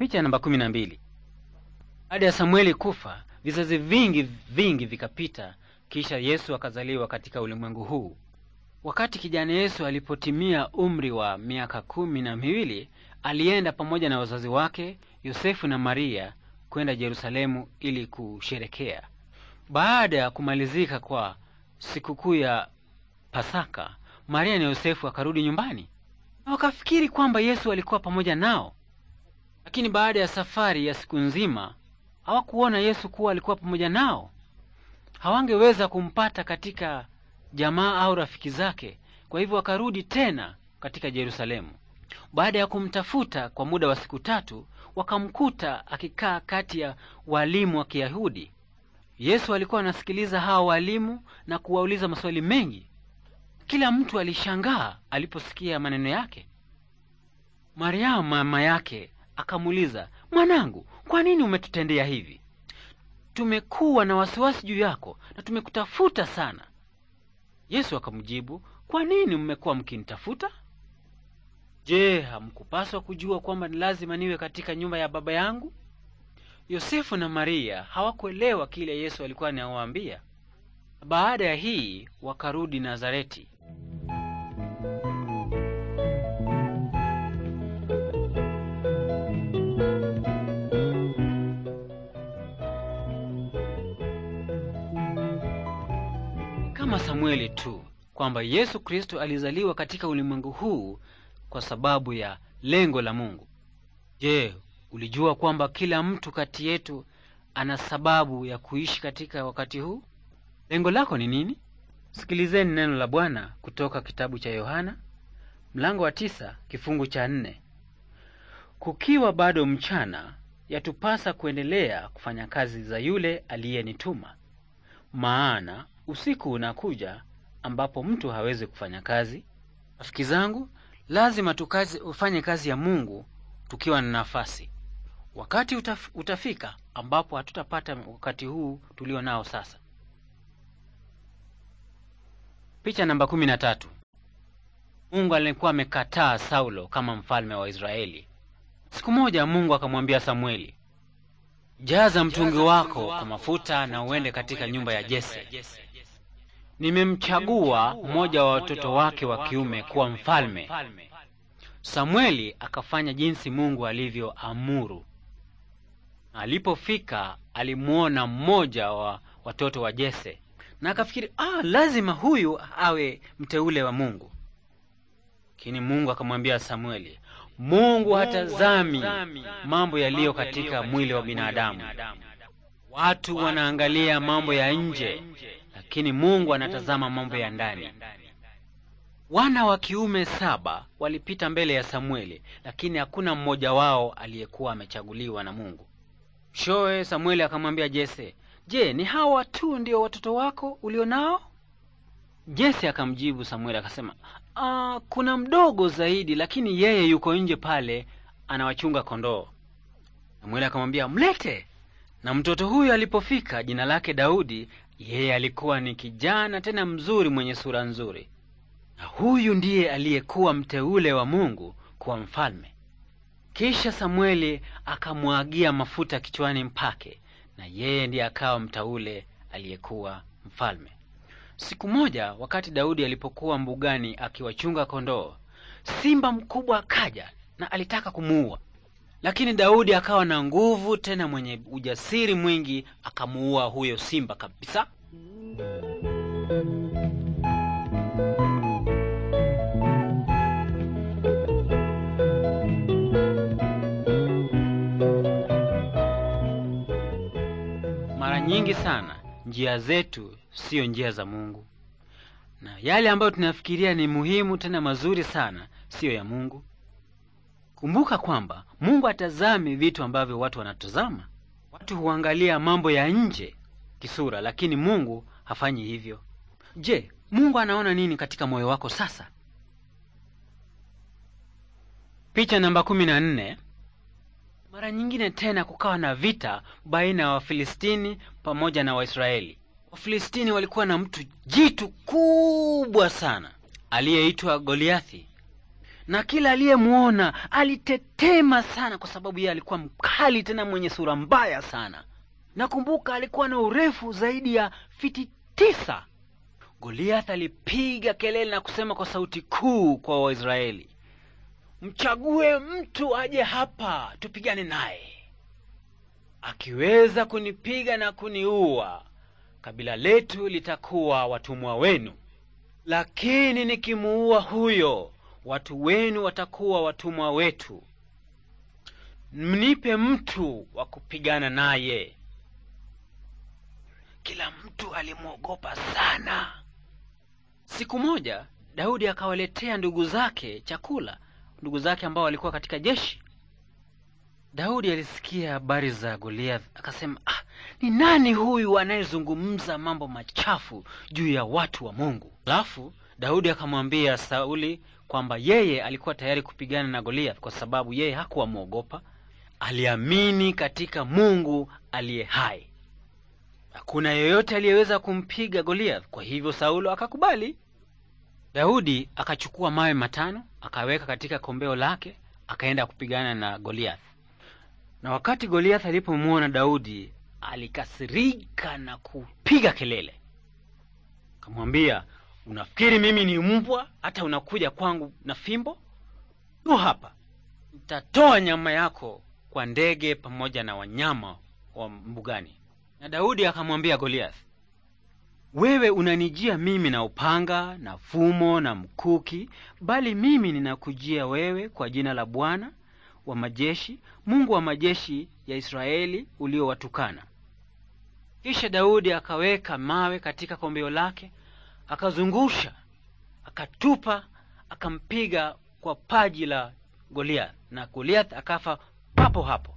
Picha namba kumi na mbili. Baada ya Samueli kufa, vizazi vingi vingi vikapita, kisha Yesu akazaliwa katika ulimwengu huu. Wakati kijana Yesu alipotimia umri wa miaka kumi na miwili, alienda pamoja na wazazi wake Yosefu na Maria kwenda Yerusalemu ili kusherekea. Baada ya kumalizika kwa sikukuu ya Pasaka, Maria na Yosefu akarudi nyumbani na wakafikiri kwamba Yesu alikuwa pamoja nao. Lakini baada ya safari ya siku nzima hawakuona Yesu kuwa alikuwa pamoja nao. Hawangeweza kumpata katika jamaa au rafiki zake, kwa hivyo wakarudi tena katika Yerusalemu. Baada ya kumtafuta kwa muda wa siku tatu, wakamkuta akikaa kati ya walimu wa Kiyahudi. Yesu alikuwa anasikiliza hawa walimu na kuwauliza maswali mengi. Kila mtu alishangaa aliposikia maneno yake. Mariamu mama yake akamuuliza, mwanangu, kwa nini umetutendea hivi? Tumekuwa na wasiwasi juu yako na tumekutafuta sana. Yesu akamjibu, kwa nini mmekuwa mkinitafuta? Je, hamkupaswa kujua kwamba ni lazima niwe katika nyumba ya baba yangu? Yosefu na Maria hawakuelewa kile Yesu alikuwa anawaambia. Baada ya hii wakarudi Nazareti. Samueli tu kwamba Yesu Kristo alizaliwa katika ulimwengu huu kwa sababu ya lengo la Mungu. Je, ulijua kwamba kila mtu kati yetu ana sababu ya kuishi katika wakati huu? Lengo lako ni nini? Sikilizeni neno la Bwana kutoka kitabu cha Yohana mlango wa tisa kifungu cha nne. Kukiwa bado mchana, yatupasa kuendelea kufanya kazi za yule aliyenituma, maana Usiku unakuja ambapo mtu hawezi kufanya kazi. Rafiki zangu, lazima tukazi, ufanye kazi ya Mungu tukiwa na nafasi. Wakati utaf, utafika ambapo hatutapata wakati huu tulio nao sasa. Picha namba kumi na tatu. Mungu alikuwa amekataa Saulo kama mfalme wa Israeli. Siku moja Mungu akamwambia Samueli, jaza mtungi wako kwa mafuta na uende katika nyumba ya Jese nimemchagua mmoja wa watoto wake wa kiume kuwa mfalme. Samueli akafanya jinsi Mungu alivyoamuru. Alipofika alimwona mmoja wa watoto wa Jese na akafikiri, ah, lazima huyu awe mteule wa Mungu. Lakini Mungu akamwambia Samueli, Mungu hatazami mambo yaliyo katika mwili wa binadamu. Watu wanaangalia mambo ya nje, lakini Mungu anatazama mambo ya ndani. Wana wa kiume saba walipita mbele ya Samueli, lakini hakuna mmoja wao aliyekuwa amechaguliwa na Mungu. Mwishowe Samueli akamwambia Jese, je, ni hawa tu ndio watoto wako ulio nao? Jese akamjibu Samueli akasema, ah, kuna mdogo zaidi, lakini yeye yuko nje pale anawachunga kondoo. Samueli akamwambia mlete. Na mtoto huyo alipofika, jina lake Daudi, yeye alikuwa ni kijana tena mzuri mwenye sura nzuri, na huyu ndiye aliyekuwa mteule wa Mungu kuwa mfalme. Kisha Samueli akamwagia mafuta kichwani mpake, na yeye ndiye akawa mteule aliyekuwa mfalme. Siku moja wakati Daudi alipokuwa mbugani akiwachunga kondoo, simba mkubwa akaja na alitaka kumuua. Lakini Daudi akawa na nguvu tena mwenye ujasiri mwingi, akamuua huyo simba kabisa. Mara nyingi sana njia zetu siyo njia za Mungu, na yale ambayo tunafikiria ni muhimu tena mazuri sana siyo ya Mungu. Kumbuka kwamba Mungu atazami vitu ambavyo watu wanatazama. Watu huangalia mambo ya nje kisura, lakini Mungu hafanyi hivyo. Je, Mungu anaona nini katika moyo wako sasa? Picha namba kumi na nne. Mara nyingine tena kukawa na vita baina ya Wafilistini pamoja na Waisraeli. Wafilistini walikuwa na mtu jitu kubwa sana aliyeitwa Goliathi na kila aliyemwona alitetema sana, kwa sababu yeye alikuwa mkali tena mwenye sura mbaya sana. Nakumbuka alikuwa na urefu zaidi ya fiti tisa. Goliath alipiga kelele na kusema kwa sauti kuu kwa Waisraeli, mchague mtu aje hapa tupigane naye. Akiweza kunipiga na kuniua, kabila letu litakuwa watumwa wenu, lakini nikimuua huyo watu wenu watakuwa watumwa wetu, mnipe mtu wa kupigana naye. Kila mtu alimwogopa sana. Siku moja Daudi akawaletea ndugu zake chakula, ndugu zake ambao walikuwa katika jeshi. Daudi alisikia habari za Goliath akasema, ah, ni nani huyu anayezungumza mambo machafu juu ya watu wa Mungu? Alafu Daudi akamwambia Sauli kwamba yeye alikuwa tayari kupigana na Goliath kwa sababu yeye hakuwa mwogopa, aliamini katika Mungu aliye hai. Hakuna yoyote aliyeweza kumpiga Goliath, kwa hivyo Saulo akakubali. Daudi akachukua mawe matano akaweka katika kombeo lake, akaenda kupigana na Goliath. Na wakati Goliath alipomwona Daudi, alikasirika na kupiga kelele, akamwambia Unafikiri mimi ni mbwa hata unakuja kwangu na fimbo? Tu hapa nitatoa nyama yako kwa ndege pamoja na wanyama wa mbugani. Na Daudi akamwambia Goliath, wewe unanijia mimi na upanga na fumo na mkuki, bali mimi ninakujia wewe kwa jina la Bwana wa majeshi, Mungu wa majeshi ya Israeli uliowatukana. Kisha Daudi akaweka mawe katika kombeo lake akazungusha, akatupa, akampiga kwa paji la Goliath na Goliath akafa papo hapo.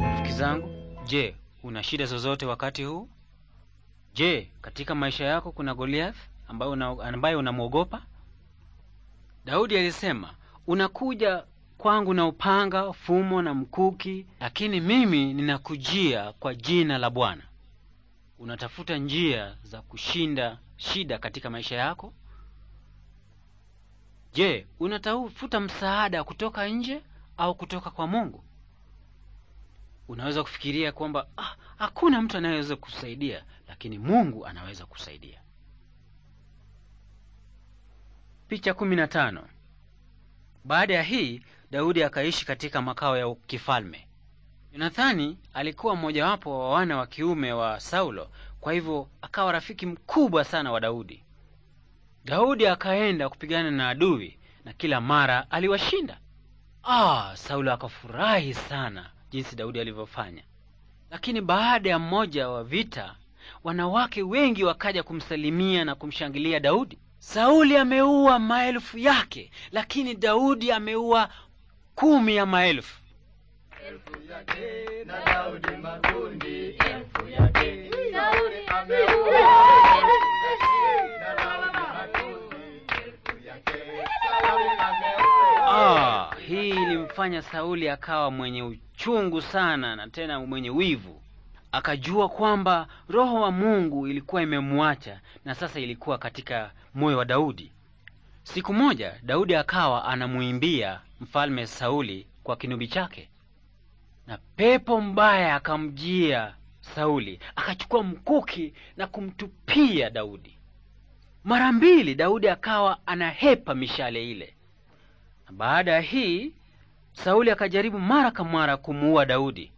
Rafiki zangu, je, una shida zozote wakati huu? Je, katika maisha yako kuna Goliath? ambaye una, unamwogopa? Daudi alisema, unakuja kwangu na upanga, fumo na mkuki, lakini mimi ninakujia kwa jina la Bwana. Unatafuta njia za kushinda shida katika maisha yako? Je, unatafuta msaada kutoka nje au kutoka kwa Mungu? Unaweza kufikiria kwamba ah, hakuna mtu anayeweza kusaidia lakini Mungu anaweza kusaidia Picha 15. Baada ya hii Daudi akaishi katika makao ya kifalme. Yonathani alikuwa mmojawapo wa wana wa kiume wa Saulo, kwa hivyo akawa rafiki mkubwa sana wa Daudi. Daudi akaenda kupigana na adui na kila mara aliwashinda. Ah, Saulo akafurahi sana jinsi Daudi alivyofanya. Lakini baada ya mmoja wa vita, wanawake wengi wakaja kumsalimia na kumshangilia Daudi. Sauli ameua maelfu yake, lakini Daudi ameua kumi ya maelfu. Ah, hii ilimfanya Sauli akawa mwenye uchungu sana na tena mwenye wivu akajua kwamba roho wa Mungu ilikuwa imemwacha na sasa ilikuwa katika moyo wa Daudi. Siku moja Daudi akawa anamwimbia mfalme Sauli kwa kinubi chake, na pepo mbaya akamjia Sauli, akachukua mkuki na kumtupia Daudi. Mara mbili Daudi akawa anahepa mishale ile. na Baada ya hii Sauli akajaribu mara kwa mara kumuua Daudi,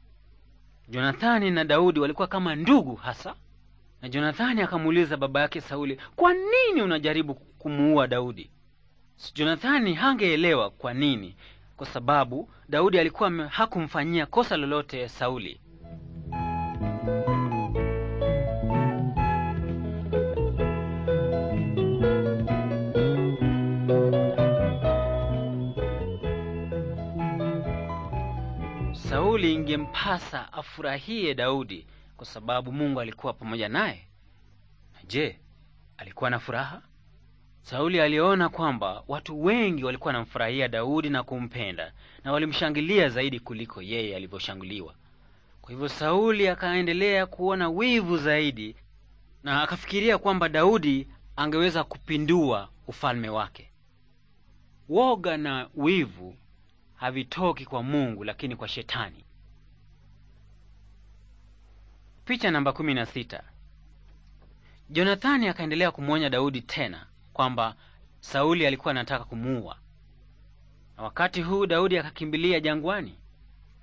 Jonathani na Daudi walikuwa kama ndugu hasa, na Jonathani akamuuliza baba yake Sauli, kwa nini unajaribu kumuua Daudi? Jonathani hangeelewa kwa nini, kwa sababu Daudi alikuwa hakumfanyia kosa lolote Sauli. kauli ingempasa afurahie Daudi kwa sababu Mungu alikuwa pamoja naye. Je, alikuwa na furaha? Sauli aliona kwamba watu wengi walikuwa wanamfurahia Daudi na kumpenda na walimshangilia zaidi kuliko yeye alivyoshanguliwa. Kwa hivyo Sauli akaendelea kuona wivu zaidi na akafikiria kwamba Daudi angeweza kupindua ufalme wake. Woga na wivu havitoki kwa Mungu lakini kwa Shetani. Picha namba kumi na sita. Jonathani akaendelea kumwonya Daudi tena kwamba Sauli alikuwa anataka kumuua, na wakati huu Daudi akakimbilia jangwani,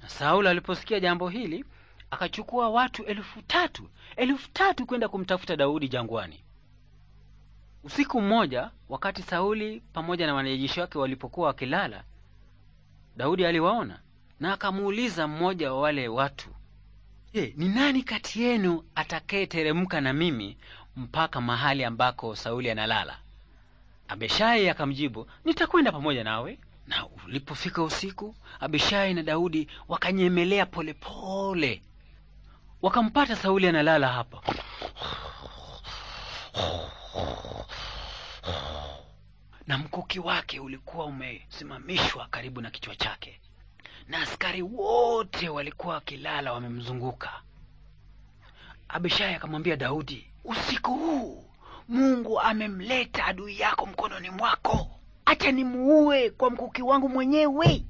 na Sauli aliposikia jambo hili akachukua watu elfu tatu elfu tatu kwenda kumtafuta Daudi jangwani. Usiku mmoja, wakati Sauli pamoja na wanajeshi wake walipokuwa wakilala, Daudi aliwaona na akamuuliza mmoja wa wale watu Je, ni nani kati yenu atakayeteremka na mimi mpaka mahali ambako Sauli analala? Abishai akamjibu, nitakwenda pamoja nawe. Na ulipofika usiku, Abishai na Daudi wakanyemelea polepole, wakampata Sauli analala hapo Na mkuki wake ulikuwa umesimamishwa karibu na kichwa chake na askari wote walikuwa wakilala wamemzunguka. Abishai akamwambia Daudi, usiku huu Mungu amemleta adui yako mkononi mwako, acha nimuue kwa mkuki wangu mwenyewe.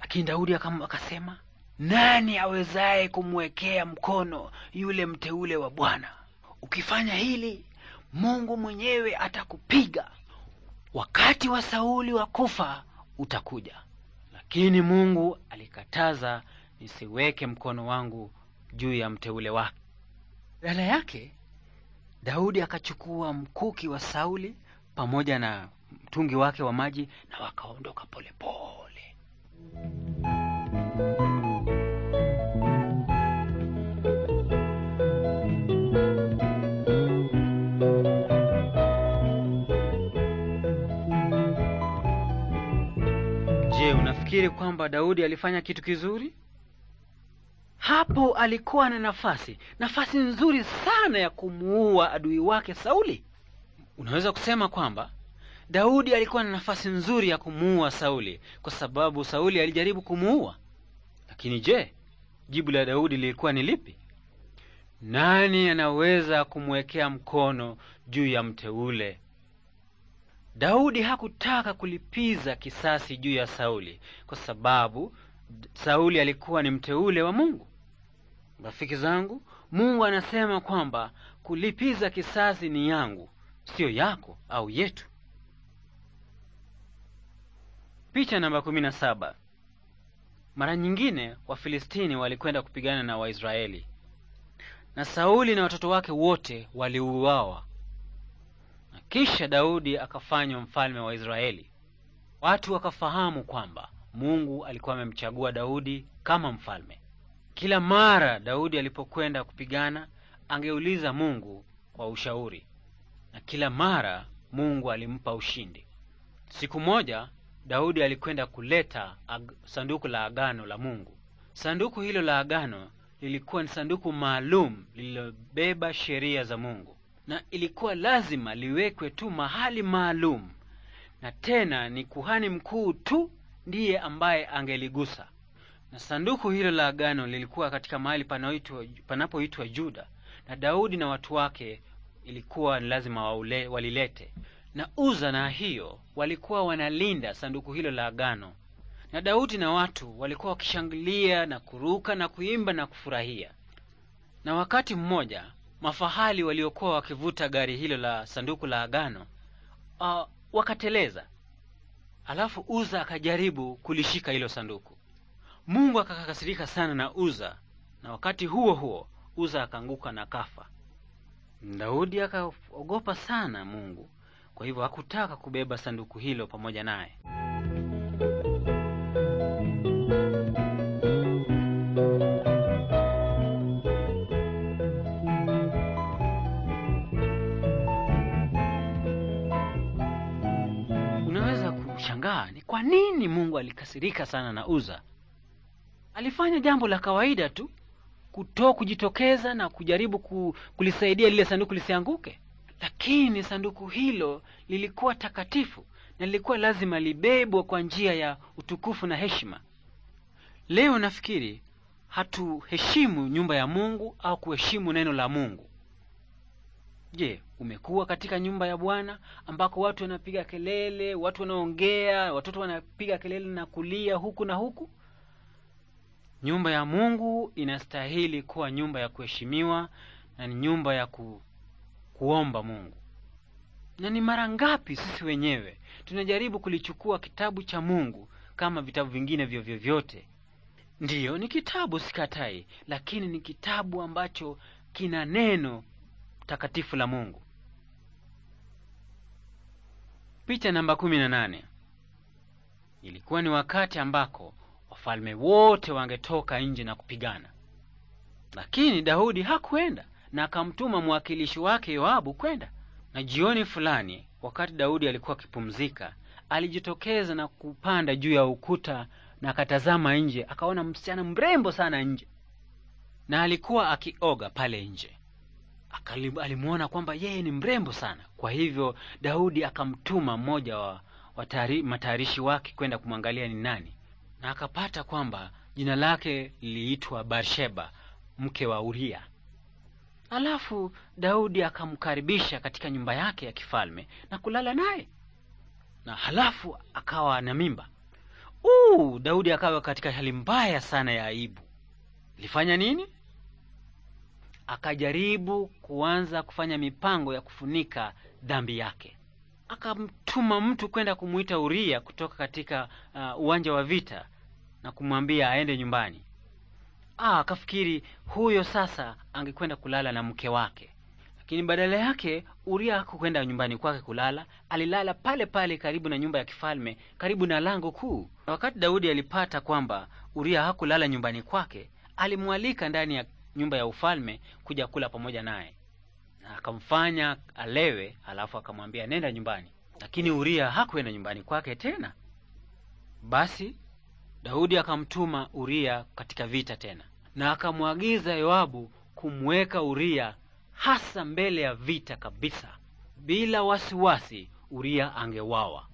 Lakini Daudi akasema, nani awezaye kumwekea mkono yule mteule wa Bwana? Ukifanya hili, Mungu mwenyewe atakupiga. Wakati wa Sauli wa kufa utakuja. Lakini Mungu alikataza nisiweke mkono wangu juu ya mteule wake. Badala yake Daudi akachukua mkuki wa Sauli pamoja na mtungi wake wa maji na wakaondoka polepole. unafikiri kwamba Daudi alifanya kitu kizuri? Hapo alikuwa na nafasi, nafasi nzuri sana ya kumuua adui wake Sauli. Unaweza kusema kwamba Daudi alikuwa na nafasi nzuri ya kumuua Sauli kwa sababu Sauli alijaribu kumuua. Lakini je, jibu la Daudi lilikuwa ni lipi? Nani anaweza kumwekea mkono juu ya mteule Daudi hakutaka kulipiza kisasi juu ya Sauli kwa sababu Sauli alikuwa ni mteule wa Mungu. Rafiki zangu, Mungu anasema kwamba kulipiza kisasi ni yangu, siyo yako au yetu. Picha namba kumi na saba. Mara nyingine Wafilistini walikwenda kupigana na Waisraeli, na Sauli na watoto wake wote waliuawa kisha Daudi akafanywa mfalme wa Israeli. Watu wakafahamu kwamba Mungu alikuwa amemchagua Daudi kama mfalme. Kila mara Daudi alipokwenda kupigana, angeuliza Mungu kwa ushauri, na kila mara Mungu alimpa ushindi. Siku moja Daudi alikwenda kuleta ag sanduku la agano la Mungu. Sanduku hilo la agano lilikuwa ni sanduku maalum lililobeba sheria za Mungu na ilikuwa lazima liwekwe tu mahali maalum, na tena ni kuhani mkuu tu ndiye ambaye angeligusa. Na sanduku hilo la agano lilikuwa katika mahali panapoitwa Juda, na Daudi na watu wake ilikuwa ni lazima waule, walilete. Na Uza na hiyo walikuwa wanalinda sanduku hilo la agano, na Daudi na watu walikuwa wakishangilia na kuruka na kuimba na kufurahia. Na wakati mmoja mafahali waliokuwa wakivuta gari hilo la sanduku la agano uh, wakateleza. Alafu Uza akajaribu kulishika hilo sanduku. Mungu akakasirika sana na Uza, na wakati huo huo Uza akaanguka na kafa. Daudi akaogopa sana Mungu, kwa hivyo hakutaka kubeba sanduku hilo pamoja naye. nini Mungu alikasirika sana na Uza? Alifanya jambo la kawaida tu, kuto kujitokeza na kujaribu kulisaidia lile sanduku lisianguke, lakini sanduku hilo lilikuwa takatifu na lilikuwa lazima libebwe kwa njia ya utukufu na heshima. Leo nafikiri hatuheshimu nyumba ya Mungu au kuheshimu neno la Mungu. Je, umekuwa katika nyumba ya Bwana ambako watu wanapiga kelele, watu wanaongea, watoto wanapiga kelele na kulia huku na huku? Nyumba ya Mungu inastahili kuwa nyumba ya kuheshimiwa na ni nyumba ya ku, kuomba Mungu. Na ni mara ngapi sisi wenyewe tunajaribu kulichukua kitabu cha Mungu kama vitabu vingine vyovyovyote Ndiyo, ni kitabu sikatai, lakini ni kitabu ambacho kina neno takatifu la Mungu. Picha namba kumi na nane. Ilikuwa ni wakati ambako wafalme wote wangetoka nje na kupigana, lakini Daudi hakuenda na akamtuma mwakilishi wake Yoabu kwenda. Na jioni fulani, wakati Daudi alikuwa akipumzika, alijitokeza na kupanda juu ya ukuta na akatazama nje, akaona msichana mrembo sana nje, na alikuwa akioga pale nje alimwona kwamba yeye ni mrembo sana. Kwa hivyo Daudi akamtuma mmoja wa, wa matayarishi wake kwenda kumwangalia ni nani, na akapata kwamba jina lake liliitwa Barsheba mke wa Uria. Alafu Daudi akamkaribisha katika nyumba yake ya kifalme na kulala naye, na halafu akawa na mimba. Uu, Daudi akawa katika hali mbaya sana ya aibu. lifanya nini? akajaribu kuanza kufanya mipango ya kufunika dhambi yake. Akamtuma mtu kwenda kumuita Uria kutoka katika uh, uwanja wa vita na kumwambia aende nyumbani. Ah, akafikiri huyo sasa angekwenda kulala na mke wake, lakini badala yake Uria hakukwenda nyumbani kwake kulala. Alilala pale pale karibu na nyumba ya kifalme, karibu na lango kuu. Wakati Daudi alipata kwamba Uria hakulala nyumbani kwake, alimwalika ndani ya nyumba ya ufalme kuja kula pamoja naye, na akamfanya alewe, alafu akamwambia nenda nyumbani. Lakini Uria hakuenda nyumbani kwake tena. Basi Daudi akamtuma Uria katika vita tena, na akamwagiza Yoabu kumweka Uria hasa mbele ya vita kabisa, bila wasiwasi Uria angewawa.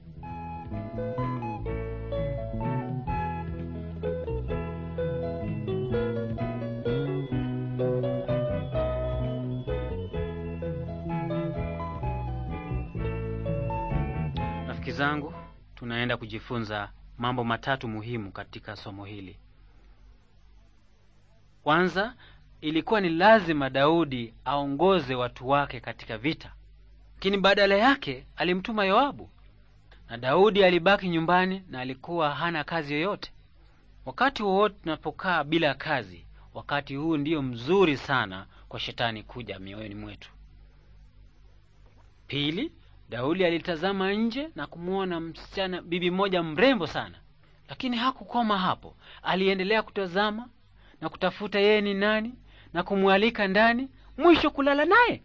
zangu, tunaenda kujifunza mambo matatu muhimu katika somo hili. Kwanza, ilikuwa ni lazima Daudi aongoze watu wake katika vita, lakini badala yake alimtuma Yoabu na Daudi alibaki nyumbani na alikuwa hana kazi yoyote. Wakati wowote tunapokaa bila kazi, wakati huu ndiyo mzuri sana kwa shetani kuja mioyoni mwetu. Pili, Daudi alitazama nje na kumwona msichana, bibi mmoja mrembo sana, lakini hakukoma hapo. Aliendelea kutazama na kutafuta yeye ni nani na kumwalika ndani, mwisho kulala naye.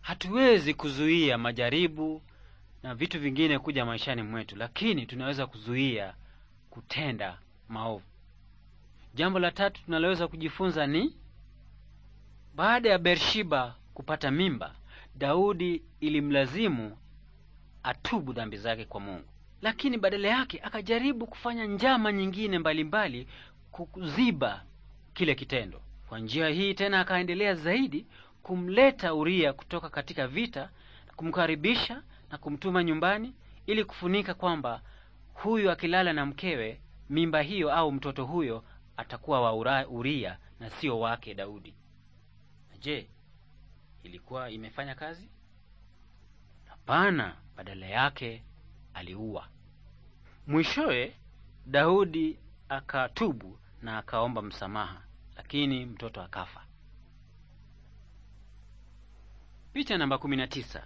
Hatuwezi kuzuia majaribu na vitu vingine kuja maishani mwetu, lakini tunaweza kuzuia kutenda maovu. Jambo la tatu tunaloweza kujifunza ni baada ya Bershiba kupata mimba Daudi ilimlazimu atubu dhambi zake kwa Mungu, lakini badala yake akajaribu kufanya njama nyingine mbalimbali kuziba kile kitendo. Kwa njia hii tena akaendelea zaidi kumleta Uria kutoka katika vita, kumkaribisha na kumtuma nyumbani ili kufunika kwamba huyu akilala na mkewe, mimba hiyo au mtoto huyo atakuwa wa Uria na sio wake Daudi. Je, ilikuwa imefanya kazi? Hapana, badala yake aliua. Mwishowe Daudi akatubu na akaomba msamaha, lakini mtoto akafa. Picha namba kumi na tisa.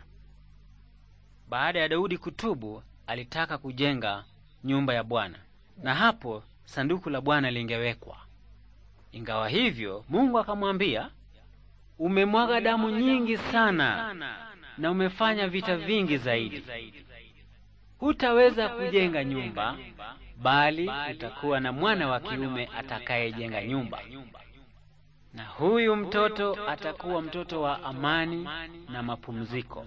Baada ya Daudi kutubu, alitaka kujenga nyumba ya Bwana na hapo sanduku la Bwana lingewekwa. Ingawa hivyo, Mungu akamwambia, umemwaga damu nyingi sana na umefanya vita vingi zaidi. Hutaweza kujenga nyumba, bali utakuwa na mwana wa kiume atakayejenga nyumba, na huyu mtoto atakuwa mtoto wa amani na mapumziko.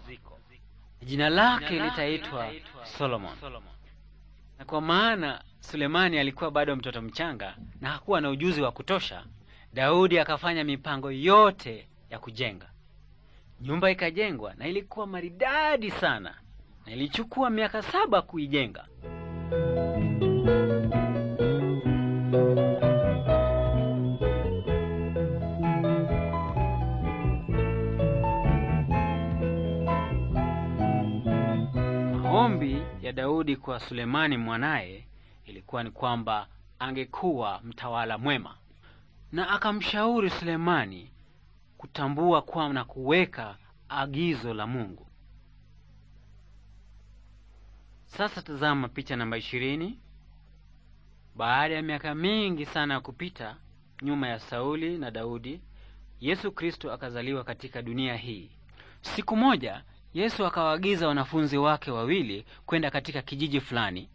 Jina lake litaitwa Solomon, na kwa maana Sulemani alikuwa bado mtoto mchanga na hakuwa na ujuzi wa kutosha, Daudi akafanya mipango yote ya kujenga. Nyumba ikajengwa na ilikuwa maridadi sana, na ilichukua miaka saba kuijenga. Maombi ya Daudi kwa Sulemani mwanaye ilikuwa ni kwamba angekuwa mtawala mwema, na akamshauri Sulemani kutambua kwa na kuweka agizo la Mungu. Sasa tazama picha namba ishirini. Baada ya miaka mingi sana ya kupita nyuma ya Sauli na Daudi, Yesu Kristo akazaliwa katika dunia hii. Siku moja Yesu akawaagiza wanafunzi wake wawili kwenda katika kijiji fulani,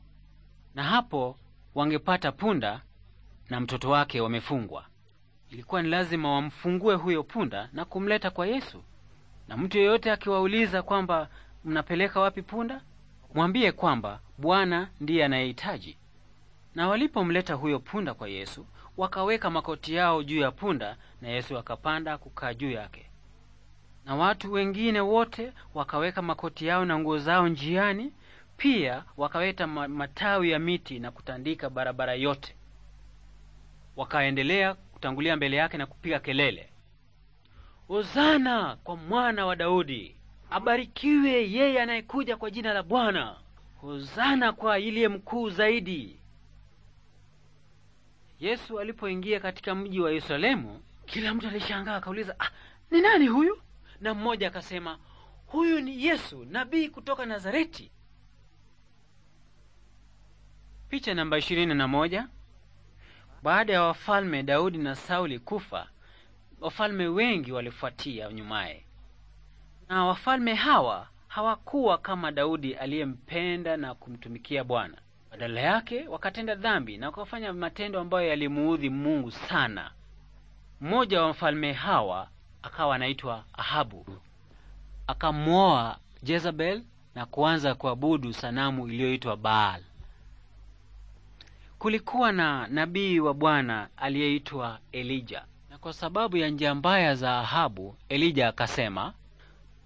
na hapo wangepata punda na mtoto wake wamefungwa. Ilikuwa ni lazima wamfungue huyo punda na kumleta kwa Yesu. Na mtu yeyote akiwauliza kwamba mnapeleka wapi punda, mwambie kwamba Bwana ndiye anayehitaji. Na walipomleta huyo punda kwa Yesu, wakaweka makoti yao juu ya punda, na Yesu akapanda kukaa juu yake. Na watu wengine wote wakaweka makoti yao na nguo zao njiani, pia wakaweta matawi ya miti na kutandika barabara yote, wakaendelea kutangulia mbele yake na kupiga kelele, Hosana kwa mwana wa Daudi, abarikiwe yeye anayekuja kwa jina la Bwana, Hosana kwa iliye mkuu zaidi. Yesu alipoingia katika mji wa Yerusalemu, kila mtu alishangaa akauliza, ah, ni nani huyu? Na mmoja akasema, huyu ni Yesu nabii kutoka Nazareti. Picha namba ishirini na moja. Baada ya wafalme Daudi na Sauli kufa, wafalme wengi walifuatia nyumaye, na wafalme hawa hawakuwa kama Daudi aliyempenda na kumtumikia Bwana. Badala yake wakatenda dhambi na wakafanya matendo ambayo yalimuudhi Mungu sana. Mmoja wa wafalme hawa akawa anaitwa Ahabu, akamwoa Jezebel na kuanza kuabudu sanamu iliyoitwa Baal. Kulikuwa na nabii wa Bwana aliyeitwa Elija, na kwa sababu ya njia mbaya za Ahabu, Elija akasema,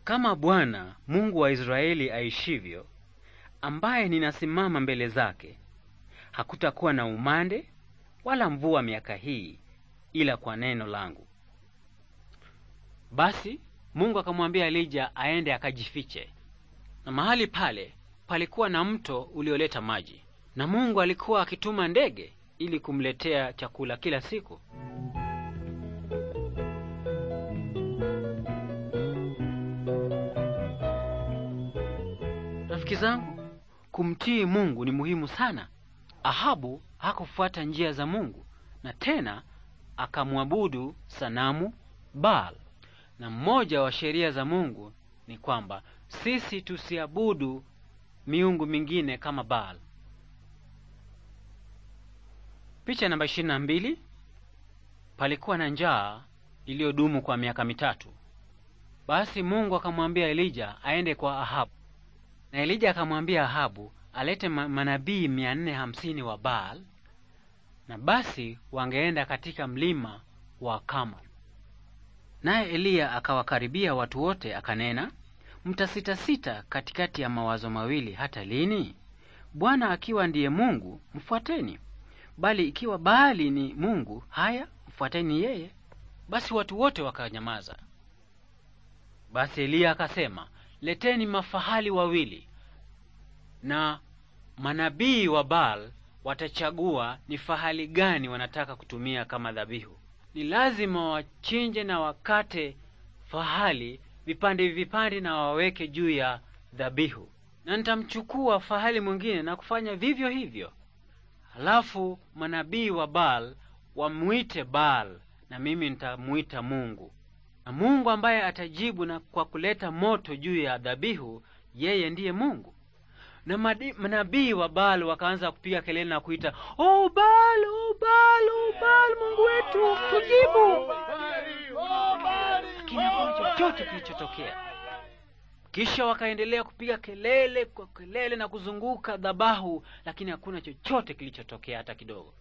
kama Bwana Mungu wa Israeli aishivyo, ambaye ninasimama mbele zake, hakutakuwa na umande wala mvua miaka hii, ila kwa neno langu. Basi Mungu akamwambia Elija aende akajifiche, na mahali pale palikuwa na mto ulioleta maji na Mungu alikuwa akituma ndege ili kumletea chakula kila siku. Rafiki zangu, kumtii Mungu ni muhimu sana. Ahabu hakufuata njia za Mungu na tena akamwabudu sanamu Baal. Na mmoja wa sheria za Mungu ni kwamba sisi tusiabudu miungu mingine kama Baal. Picha namba ishirini na mbili. Palikuwa na njaa iliyodumu kwa miaka mitatu. Basi Mungu akamwambia Elija aende kwa Ahabu, na Elija akamwambia Ahabu alete manabii mia nne hamsini wa Baal, na basi wangeenda katika mlima wa Kamari. Naye Eliya akawakaribia watu wote, akanena, mtasitasita katikati ya mawazo mawili hata lini? Bwana akiwa ndiye Mungu, mfuateni. Bali ikiwa Baali ni mungu, haya mfuateni yeye. Basi watu wote wakanyamaza. Basi Eliya akasema, leteni mafahali wawili, na manabii wa Baal watachagua ni fahali gani wanataka kutumia kama dhabihu. Ni lazima wachinje na wakate fahali vipande vipande, na waweke juu ya dhabihu, na nitamchukua fahali mwingine na kufanya vivyo hivyo. Halafu manabii wa Baal wamwite Baal na mimi nitamwita Mungu, na Mungu ambaye atajibu na kwa kuleta moto juu ya dhabihu, yeye ndiye Mungu. Na manabii wa Baal wakaanza kupiga kelele na kuita, oh Baal, oh Baal, oh Baal, Mungu wetu tujibu, lakini hakuna chochote kilichotokea. Kisha wakaendelea kupiga kelele kwa kelele na kuzunguka dhabahu, lakini hakuna chochote kilichotokea hata kidogo.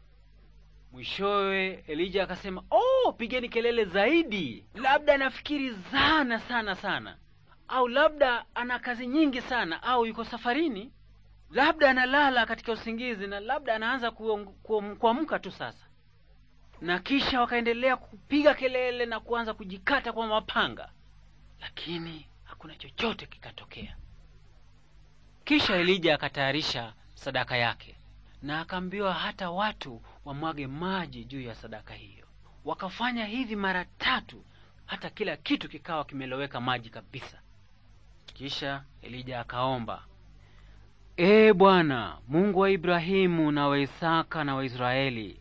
Mwishowe Elija akasema, oh, pigeni kelele zaidi, labda anafikiri sana sana sana, au labda ana kazi nyingi sana, au yuko safarini, labda analala katika usingizi, na labda anaanza kuamka tu sasa. Na kisha wakaendelea kupiga kelele na kuanza kujikata kwa mapanga, lakini hakuna chochote kikatokea. Kisha Elija akatayarisha sadaka yake na akaambiwa hata watu wamwage maji juu ya sadaka hiyo. Wakafanya hivi mara tatu, hata kila kitu kikawa kimeloweka maji kabisa. Kisha Elija akaomba, Ee Bwana Mungu wa Ibrahimu na wa Isaka na wa Israeli,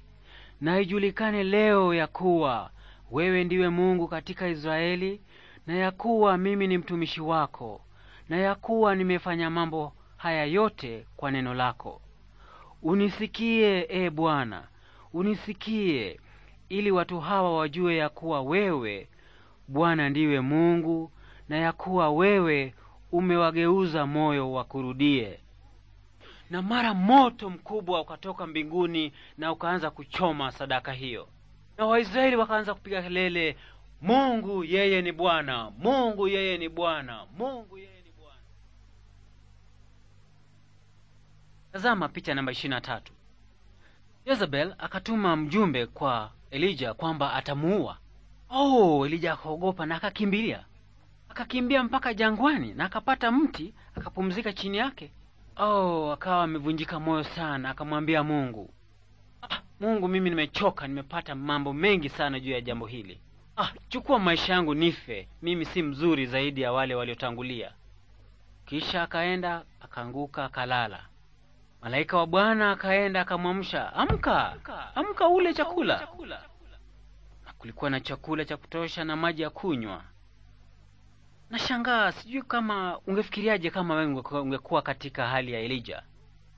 na ijulikane leo ya kuwa wewe ndiwe Mungu katika Israeli na ya kuwa mimi ni mtumishi wako na ya kuwa nimefanya mambo haya yote kwa neno lako. Unisikie, e Bwana, unisikie, ili watu hawa wajue ya kuwa wewe Bwana ndiwe Mungu na ya kuwa wewe umewageuza moyo wakurudie. Na mara moto mkubwa ukatoka mbinguni na ukaanza kuchoma sadaka hiyo, na Waisraeli wakaanza kupiga kelele, Mungu yeye ni Bwana, Mungu yeye ni Bwana, Mungu yeye ni Bwana. Tazama picha namba 23. Jezebel akatuma mjumbe kwa Elija kwamba atamuua. Oh, Elija akaogopa na akakimbilia, akakimbia mpaka jangwani na akapata mti akapumzika chini yake. Oh, akawa amevunjika moyo sana, akamwambia Mungu, ah, Mungu, mimi nimechoka, nimepata mambo mengi sana juu ya jambo hili ah, chukua maisha yangu nife, mimi si mzuri zaidi ya wale waliotangulia. Kisha akaenda akaanguka akalala. Malaika wa Bwana akaenda akamwamsha, amka, amka ule chakula. Na kulikuwa na chakula cha kutosha na maji ya kunywa. Nashangaa, sijui kama ungefikiriaje kama wewe ungekuwa katika hali ya Elija,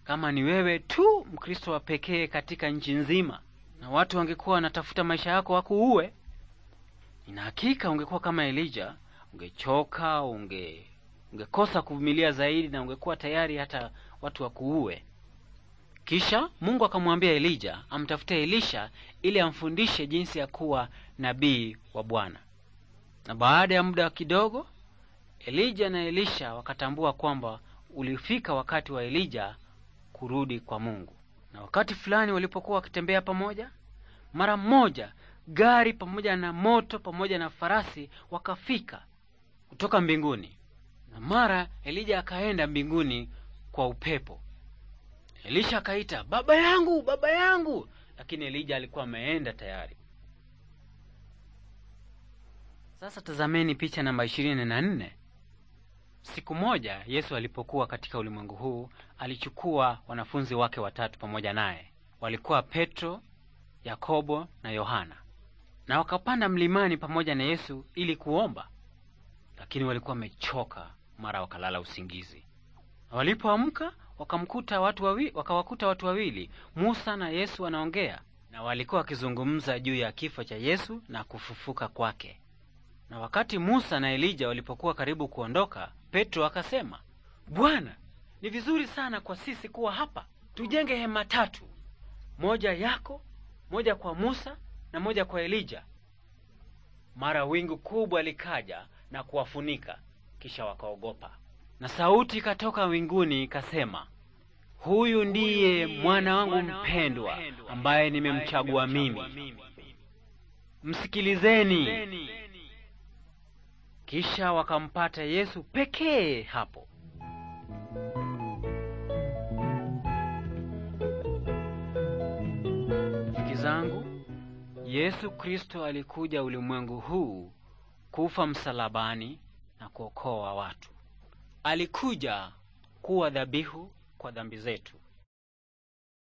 kama ni wewe tu Mkristo wa pekee katika nchi nzima, na watu wangekuwa wanatafuta maisha yako wakuue. Nina hakika ungekuwa kama Elija, ungechoka, unge ungekosa kuvumilia zaidi na ungekuwa tayari hata watu wakuue. Kisha Mungu akamwambia Elija amtafute Elisha ili amfundishe jinsi ya kuwa nabii wa Bwana. Na baada ya muda kidogo, Elija na Elisha wakatambua kwamba ulifika wakati wa Elija kurudi kwa Mungu. Na wakati fulani walipokuwa wakitembea pamoja, mara mmoja gari pamoja na moto pamoja na farasi wakafika kutoka mbinguni, na mara Elija akaenda mbinguni kwa upepo. Elisha akaita, baba yangu, baba yangu, lakini Elija alikuwa ameenda tayari. Sasa tazameni picha namba ishirini na nne. Siku moja Yesu alipokuwa katika ulimwengu huu alichukua wanafunzi wake watatu pamoja naye, walikuwa Petro, Yakobo na Yohana na wakapanda mlimani pamoja na Yesu ili kuomba, lakini walikuwa wamechoka, mara wakalala usingizi. Walipoamka wakamkuta watu wawili, wakawakuta watu wawili Musa na Yesu wanaongea, na walikuwa wakizungumza juu ya kifo cha Yesu na kufufuka kwake. Na wakati Musa na Elija walipokuwa karibu kuondoka, Petro akasema, Bwana, ni vizuri sana kwa sisi kuwa hapa. Tujenge hema tatu, moja yako, moja kwa Musa na moja kwa Elija. Mara wingu kubwa likaja na kuwafunika, kisha wakaogopa. Na sauti ikatoka winguni ikasema, huyu ndiye mwana wangu mpendwa ambaye nimemchagua mimi, msikilizeni. Kisha wakampata Yesu pekee hapo Yesu Kristo alikuja ulimwengu huu kufa msalabani na kuokoa watu. Alikuja kuwa dhabihu kwa dhambi zetu.